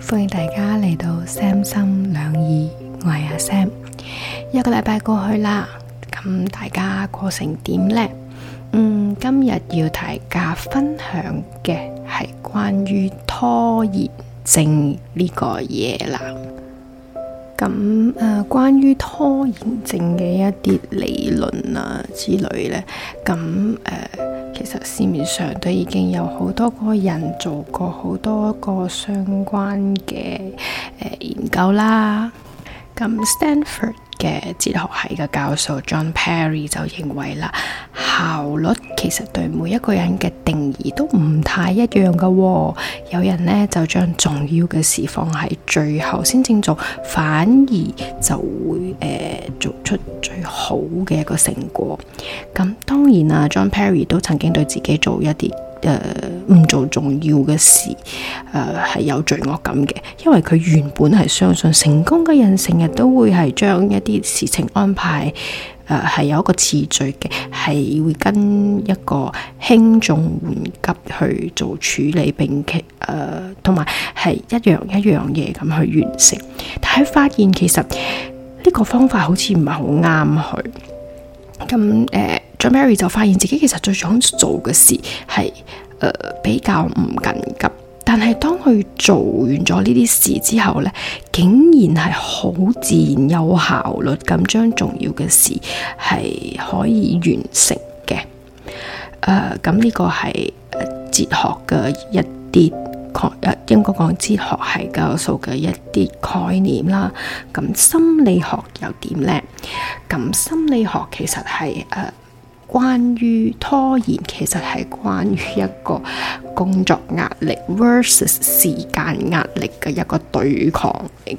歡迎大家嚟到三心兩意，我係阿 Sam。一個禮拜過去啦，咁大家過成點呢？嗯，今日要大家分享嘅係關於拖延症呢個嘢啦。咁誒、呃，關於拖延症嘅一啲理論啊之類呢，咁誒。呃其實市面上都已經有好多個人做過好多個相關嘅，誒、呃、研究啦。咁 Stanford 嘅哲學系嘅教授 John Perry 就認為啦，效率其實對每一個人嘅定義都唔太一樣噶、哦。有人呢就將重要嘅事放喺最後先正做，反而就會誒、呃、做出最好嘅一個成果。咁當然啊，John Perry 都曾經對自己做一啲。誒，唔、呃、做重要嘅事，誒、呃、係有罪惡感嘅，因為佢原本係相信成功嘅人成日都會係將一啲事情安排，誒、呃、係有一個次序嘅，係會跟一個輕重緩急去做處理並，並且誒同埋係一樣一樣嘢咁去完成，但係發現其實呢個方法好似唔係好啱佢，咁誒。呃 John Mary 就發現自己其實最想做嘅事係誒、呃、比較唔緊急，但係當佢做完咗呢啲事之後咧，竟然係好自然有效率咁將重要嘅事係可以完成嘅。誒咁呢個係哲學嘅一啲概誒應該講哲學系教授嘅一啲概念啦。咁心理學又點呢？咁心理學其實係誒。呃關於拖延，其實係關於一個工作壓力 versus 時間壓力嘅一個對抗嚟嘅。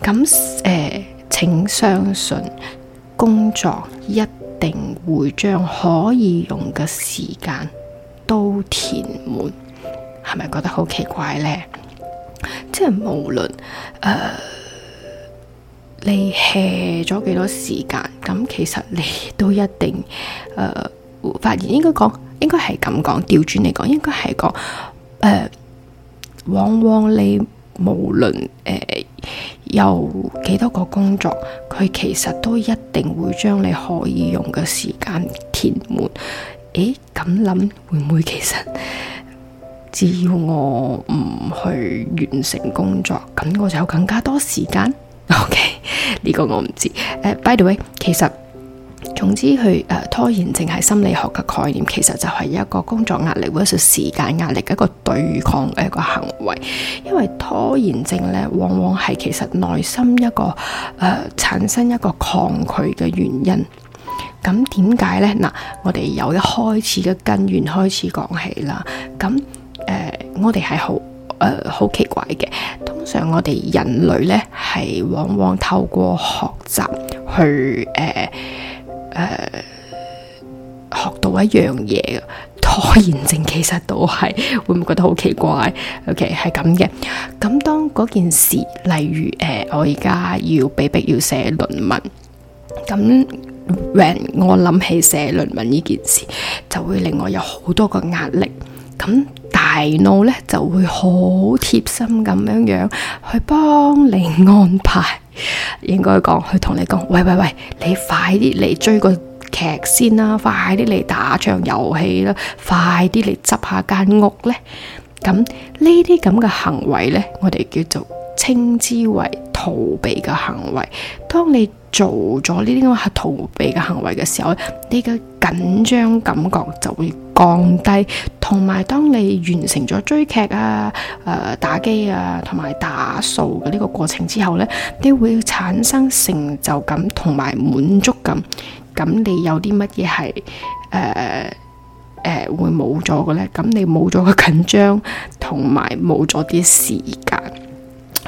咁誒，呃，請相信工作一定會將可以用嘅時間都填滿，係咪覺得好奇怪呢？即係無論誒。呃你 hea 咗幾多時間？咁其實你都一定誒、呃，發現應該講，應該係咁講，調轉嚟講，應該係講，往往你無論、呃、有幾多個工作，佢其實都一定會將你可以用嘅時間填滿。誒、欸，咁諗會唔會其實，只要我唔去完成工作，咁我就有更加多時間。OK，呢個我唔知。誒、uh，by the way，其實總之佢誒、呃、拖延症係心理學嘅概念，其實就係一個工作壓力或者時間壓力嘅一個對抗嘅一個行為。因為拖延症咧，往往係其實內心一個誒、呃、產生一個抗拒嘅原因。咁點解咧？嗱，我哋由一開始嘅根源開始講起啦。咁誒、呃，我哋係好。誒，好、呃、奇怪嘅。通常我哋人類呢，係往往透過學習去誒、呃呃、學到一樣嘢。拖延症其實都係，會唔會覺得好奇怪？OK，係咁嘅。咁當嗰件事，例如誒、呃、我而家要被逼迫要寫論文，咁我諗起寫論文呢件事，就會令我有好多個壓力。咁。鼻怒咧就會好貼心咁樣樣去幫你安排。應該講，佢同你講，喂喂喂，你快啲嚟追個劇先啦，快啲嚟打場遊戲啦，快啲嚟執下間屋咧。咁呢啲咁嘅行為咧，我哋叫做稱之為逃避嘅行為。當你做咗呢啲咁嘅逃避嘅行為嘅時候，你嘅緊張感覺就會降低。同埋當你完成咗追劇啊、誒、呃、打機啊同埋打掃嘅呢個過程之後咧，你會產生成就感同埋滿足感。咁你有啲乜嘢係誒誒會冇咗嘅咧？咁你冇咗個緊張，同埋冇咗啲時間。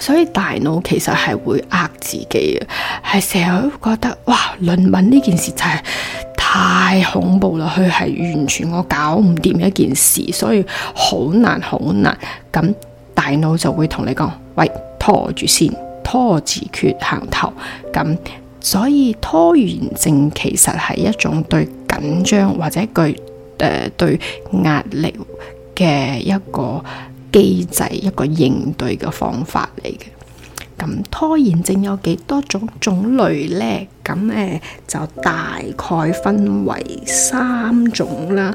所以大腦其實係會呃自己嘅，係成日都覺得哇論文呢件事就係太恐怖啦，佢係完全我搞唔掂一件事，所以好難好難。咁大腦就會同你講：喂，拖住先，拖字訣行頭。咁所以拖延症其實係一種對緊張或者對誒、呃、對壓力嘅一個。機制，一個應對嘅方法嚟嘅，咁拖延症有幾多種種類呢？咁咧、呃、就大概分為三種啦。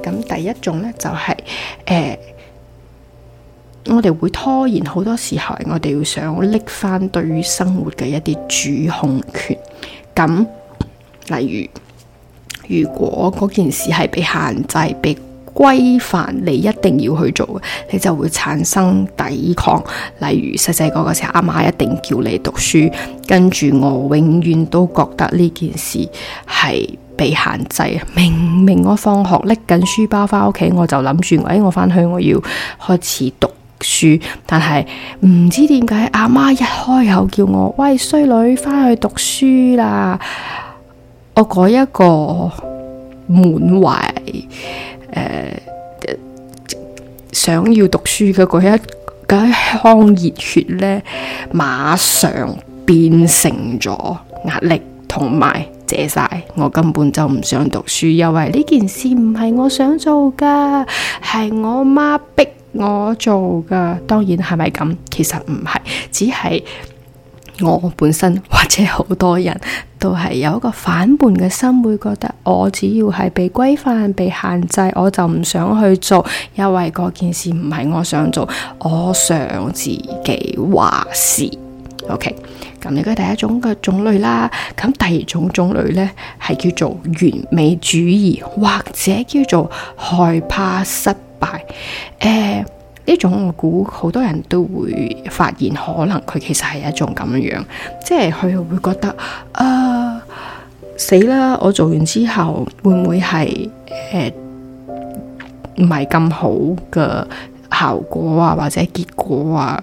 咁第一種咧就係、是、誒、呃，我哋會拖延好多時候，我哋會想拎翻對於生活嘅一啲主控權。咁例如，如果嗰件事係被限制，被規範你一定要去做，你就會產生抵抗。例如細細個嗰時，阿媽一定叫你讀書，跟住我永遠都覺得呢件事係被限制。明明我放學拎緊書包翻屋企，我就諗住，哎，我翻去我要開始讀書，但係唔知點解阿媽一開口叫我，喂，衰女，翻去讀書啦！我嗰一個門圍。誒、呃呃，想要讀書嘅嗰一一腔熱血呢，馬上變成咗壓力同埋借晒。我根本就唔想讀書，因為呢件事唔係我想做噶，係我媽逼我做噶。當然係咪咁？其實唔係，只係。我本身或者好多人都係有一個反叛嘅心，會覺得我只要係被規範、被限制，我就唔想去做，因為嗰件事唔係我想做，我想自己話事。OK，咁呢個第一種嘅種類啦，咁第二種種類呢，係叫做完美主義，或者叫做害怕失敗。誒、欸。呢種我估好多人都會發現，可能佢其實係一種咁樣，即係佢會覺得，啊死啦！我做完之後會唔會係誒唔係咁好嘅效果啊，或者結果啊？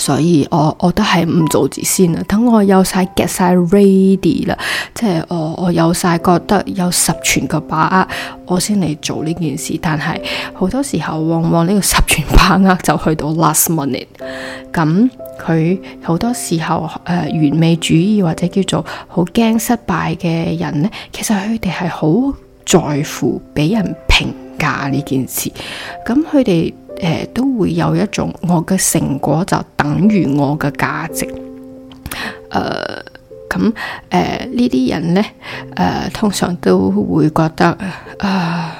所以我我都係唔做住先啦，等我有晒 get 晒 ready 啦，即係我我有晒覺得有十全嘅把握，我先嚟做呢件事。但係好多時候往往呢個十全把握就去到 last minute，咁佢好多時候誒完美主義或者叫做好驚失敗嘅人咧，其實佢哋係好在乎俾人評價呢件事，咁佢哋誒都會有一種我嘅成果就等於我嘅價值，誒、呃，咁誒呢啲人呢，誒、呃、通常都會覺得啊、呃，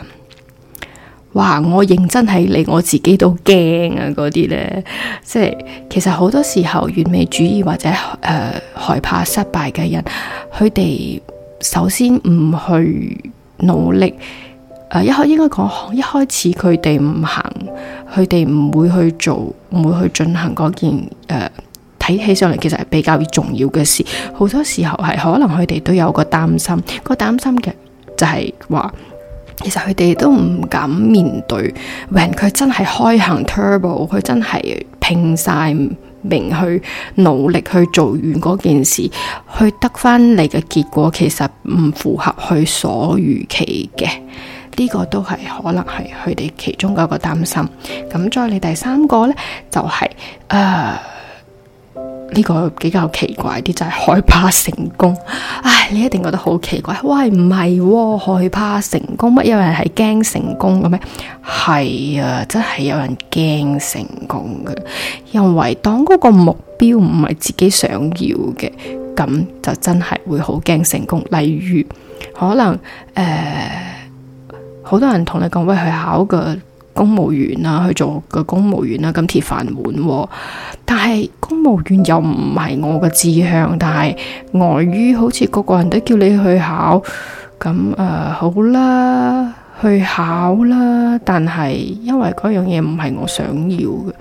哇！我認真係你，我自己都驚啊，嗰啲呢。即、即係其實好多時候完美主義或者誒、呃、害怕失敗嘅人，佢哋首先唔去努力。誒一開應該講，一開始佢哋唔行，佢哋唔會去做，唔會去進行嗰件誒睇、uh, 起上嚟其實係比較重要嘅事。好多時候係可能佢哋都有個擔心，個擔心嘅就係話，其實佢哋都唔敢面對。When 佢真係開行 turbo，佢真係拼晒命去努力去做完嗰件事，去得返嚟嘅結果其實唔符合佢所預期嘅。呢個都係可能係佢哋其中一個擔心。咁再嚟第三個呢，就係誒呢個比較奇怪啲，就係害怕成功。唉，你一定覺得好奇怪。喂，唔係喎，害怕成功乜？有人係驚成功嘅咩？係啊，真係有人驚成功嘅，因為當嗰個目標唔係自己想要嘅，咁就真係會好驚成功。例如可能誒。呃好多人同你講喂，去考個公務員啦、啊，去做個公務員啦、啊，咁鐵飯碗、啊。但係公務員又唔係我嘅志向，但係礙於好似個個人都叫你去考，咁誒、呃、好啦，去考啦。但係因為嗰樣嘢唔係我想要嘅，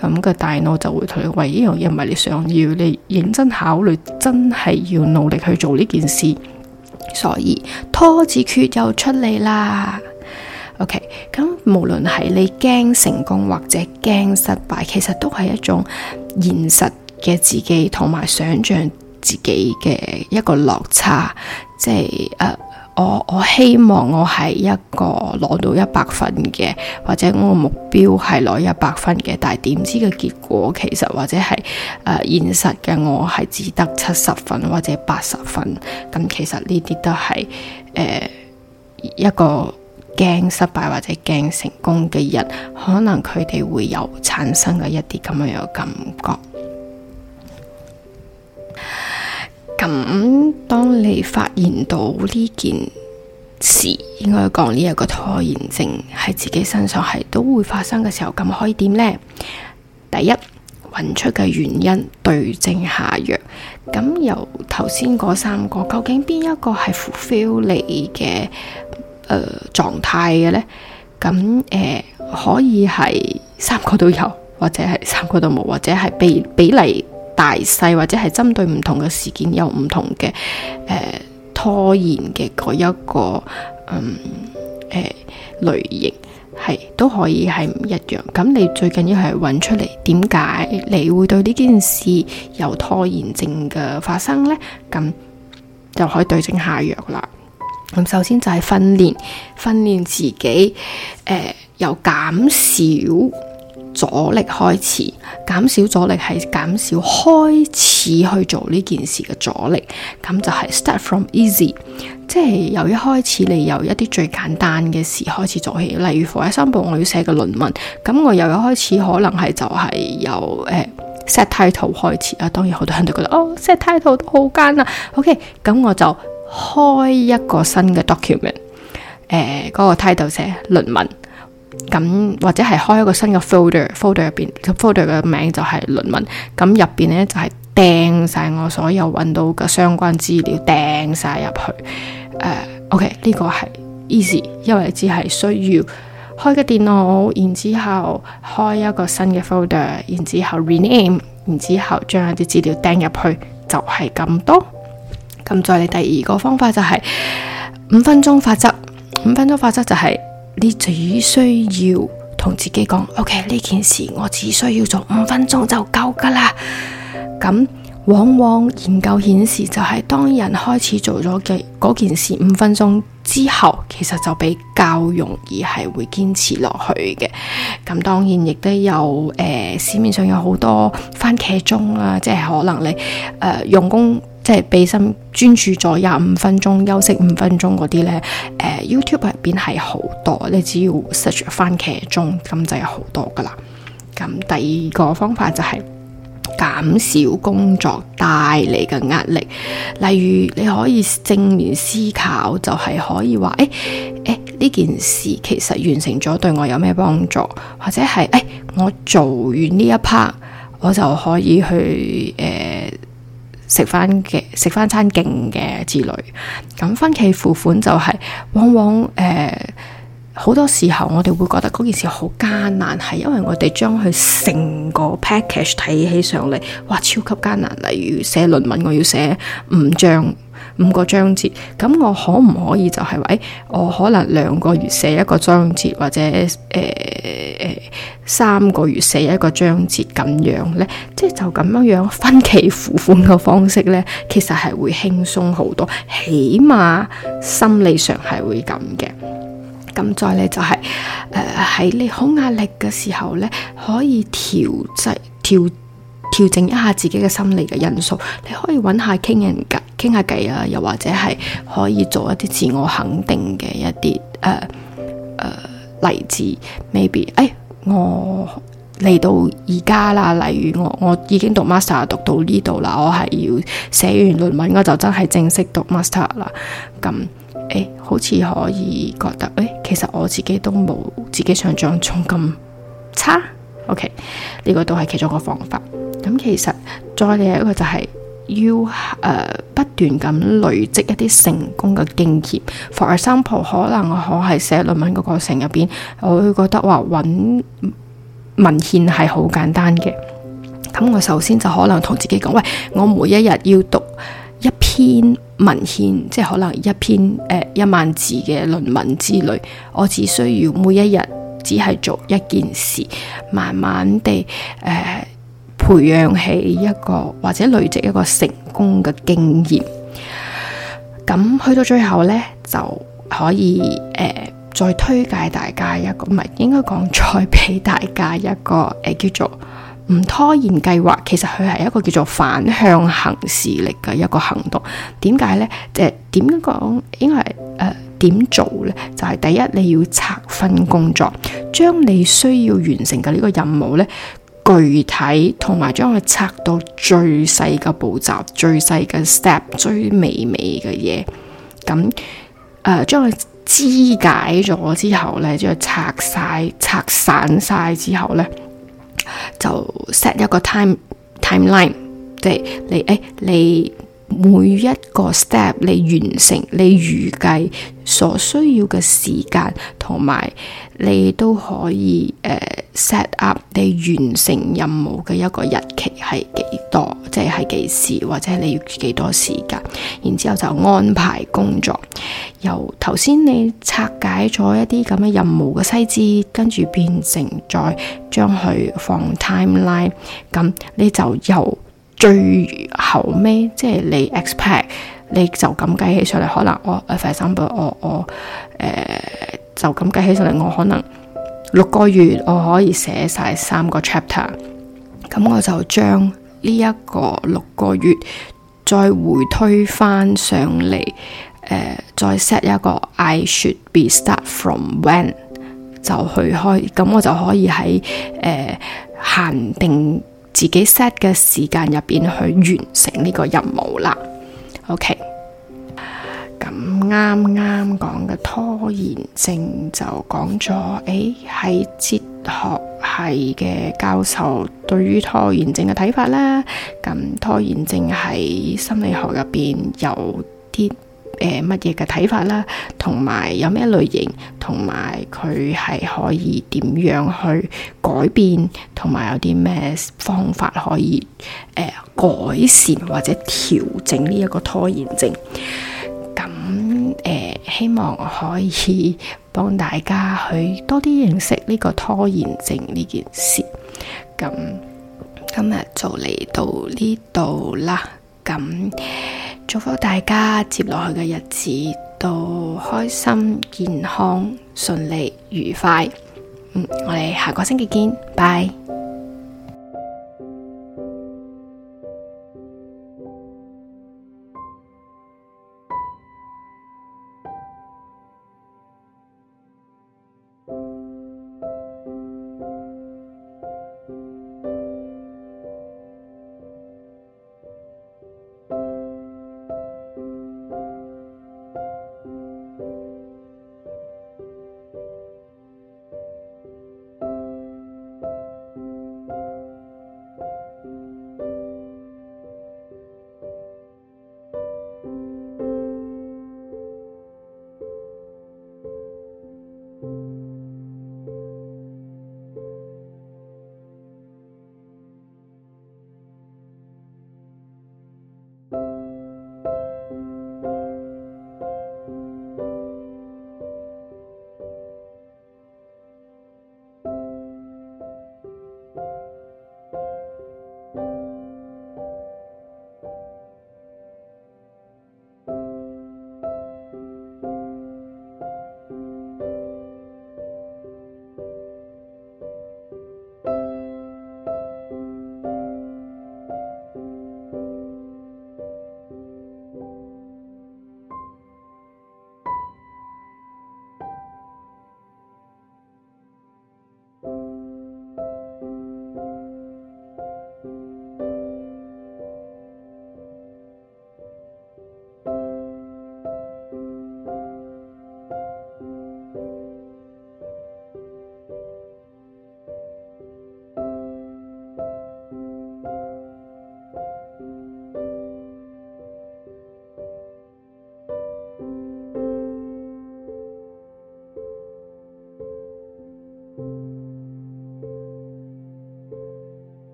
咁個大腦就會同你話呢樣嘢唔係你想要，你認真考慮，真係要努力去做呢件事。所以拖字訣就出嚟啦。O.K. 咁無論係你驚成功或者驚失敗，其實都係一種現實嘅自己同埋想象自己嘅一個落差，即係、呃、我我希望我係一個攞到一百分嘅，或者我目標係攞一百分嘅，但係點知嘅結果其實或者係誒、呃、現實嘅我係只得七十分或者八十分，咁其實呢啲都係、呃、一個。驚失敗或者驚成功嘅人，可能佢哋會有產生嘅一啲咁樣嘅感覺。咁當你發現到呢件事，應該講呢一個拖延症喺自己身上係都會發生嘅時候，咁可以點呢？第一，揾出嘅原因對症下藥。咁由頭先嗰三個，究竟邊一個係 fulfill 你嘅？誒，狀態嘅呢，咁誒、呃、可以係三個都有，或者係三個都冇，或者係比比例大細，或者係針對唔同嘅事件有唔同嘅、呃、拖延嘅嗰一個嗯、呃、類型，係都可以係唔一樣。咁你最緊要係揾出嚟點解你會對呢件事有拖延症嘅發生呢？咁就可以對症下藥啦。咁首先就係訓練，訓練自己，誒、呃、由減少阻力開始，減少阻力係減少開始去做呢件事嘅阻力，咁就係 start from easy，即係由一開始你由一啲最簡單嘅事開始做起，例如第一三步我要寫嘅論文，咁我由一開始可能係就係由誒、呃、set title 開始啊，當然好多人都覺得哦 set title 都好艱難、啊、，OK，咁我就。開一個新嘅 document，誒、呃，嗰、那個 title 寫論文，咁或者係開一個新嘅 folder，folder 入邊，folder 嘅名就係論文，咁入邊呢就係掟晒我所有揾到嘅相關資料掟晒入去，誒、呃、，OK 呢個係 easy，因為只係需要開個電腦，然之後開一個新嘅 folder，然之後 rename，然之後將一啲資料掟入去，就係、是、咁多。咁再嚟第二個方法就係五分鐘法則。五分鐘法則就係你只需要同自己講，OK，呢件事我只需要做五分鐘就夠噶啦。咁往往研究顯示就係、是、當人開始做咗嘅嗰件事五分鐘之後，其實就比較容易係會堅持落去嘅。咁當然亦都有誒、呃，市面上有好多番茄鐘啊，即係可能你誒、呃、用功。即係俾心專注咗廿五分鐘，休息五分鐘嗰啲呢。誒、uh, YouTube 入邊係好多，你只要 search 番茄鐘，咁就有好多噶啦。咁第二個方法就係減少工作帶嚟嘅壓力，例如你可以正面思考，就係、是、可以話，誒誒呢件事其實完成咗對我有咩幫助？或者係誒我做完呢一 part，我就可以去誒。Uh, 食翻嘅，食翻餐勁嘅之類，咁分期付款就係、是、往往誒好、呃、多時候我哋會覺得嗰件事好艱難，係因為我哋將佢成個 package 睇起上嚟，哇，超級艱難。例如寫論文，我要寫五章。五個章節，咁我可唔可以就係、是、話、哎，我可能兩個月寫一個章節，或者誒、呃、三個月寫一個章節咁樣呢？即係就咁樣樣分期付款嘅方式呢，其實係會輕鬆好多，起碼心理上係會咁嘅。咁再咧就係、是、喺、呃、你好壓力嘅時候呢，可以調劑調調整一下自己嘅心理嘅因素，你可以揾下傾人偈。傾下偈啊，又或者係可以做一啲自我肯定嘅一啲誒誒例子，Maybe，誒、哎、我嚟到而家啦，例如我我已經讀 master 讀到呢度啦，我係要寫完論文，我就真係正式讀 master 啦。咁誒、哎，好似可以覺得誒、哎，其實我自己都冇自己想象中咁差。OK，呢個都係其中一個方法。咁其實再嚟一個就係、是。要誒、uh，不斷咁累積一啲成功嘅經驗，For example，可能我喺寫論文嘅過程入邊，我會覺得話揾文獻係好簡單嘅。咁我首先就可能同自己講：「喂，我每一日要讀一篇文獻，即係可能一篇誒、呃、一萬字嘅論文之類。我只需要每一日只係做一件事，慢慢地誒。呃培養起一個或者累積一個成功嘅經驗，咁去到最後呢，就可以誒、呃、再推介大家一個，唔係應該講再俾大家一個誒、呃、叫做唔拖延計劃。其實佢係一個叫做反向行事力嘅一個行動。點解呢？即係點講？應該係誒點做呢？就係、是、第一你要拆分工作，將你需要完成嘅呢個任務呢。具體同埋將佢拆到最細嘅步驟，最細嘅 step，最美美嘅嘢，咁誒、呃、將佢肢解咗之後咧，將佢拆晒，拆散晒之後咧，就 set 一個 time timeline，即係你誒你。欸你每一個 step 你完成，你預計所需要嘅時間同埋，你都可以誒、uh, set up 你完成任務嘅一個日期係幾多，即係係幾時，或者你要幾多時間，然之後就安排工作。由頭先你拆解咗一啲咁嘅任務嘅細節，跟住變成再將佢放 timeline，咁你就由。最後尾即係你 expect，你就咁計起上嚟，可能我，for example 我我誒、uh, 就咁計起上嚟，我可能六個月我可以寫晒三個 chapter，咁我就將呢一個六個月再回推翻上嚟，誒、uh, 再 set 一個 I should be start from when，就去開，咁我就可以喺誒、uh, 限定。自己 set 嘅時間入邊去完成呢個任務啦。OK，咁啱啱講嘅拖延症就講咗，誒、欸、係哲學系嘅教授對於拖延症嘅睇法啦。咁拖延症喺心理學入邊有啲。誒，乜嘢嘅睇法啦，同埋有咩類型，同埋佢係可以點樣去改變，同埋有啲咩方法可以誒、呃、改善或者調整呢一個拖延症。咁誒、呃，希望可以幫大家去多啲認識呢個拖延症呢件事。咁今日就嚟到呢度啦，咁。祝福大家接落去嘅日子都開心、健康、順利、愉快。嗯，我哋下個星期見，拜拜。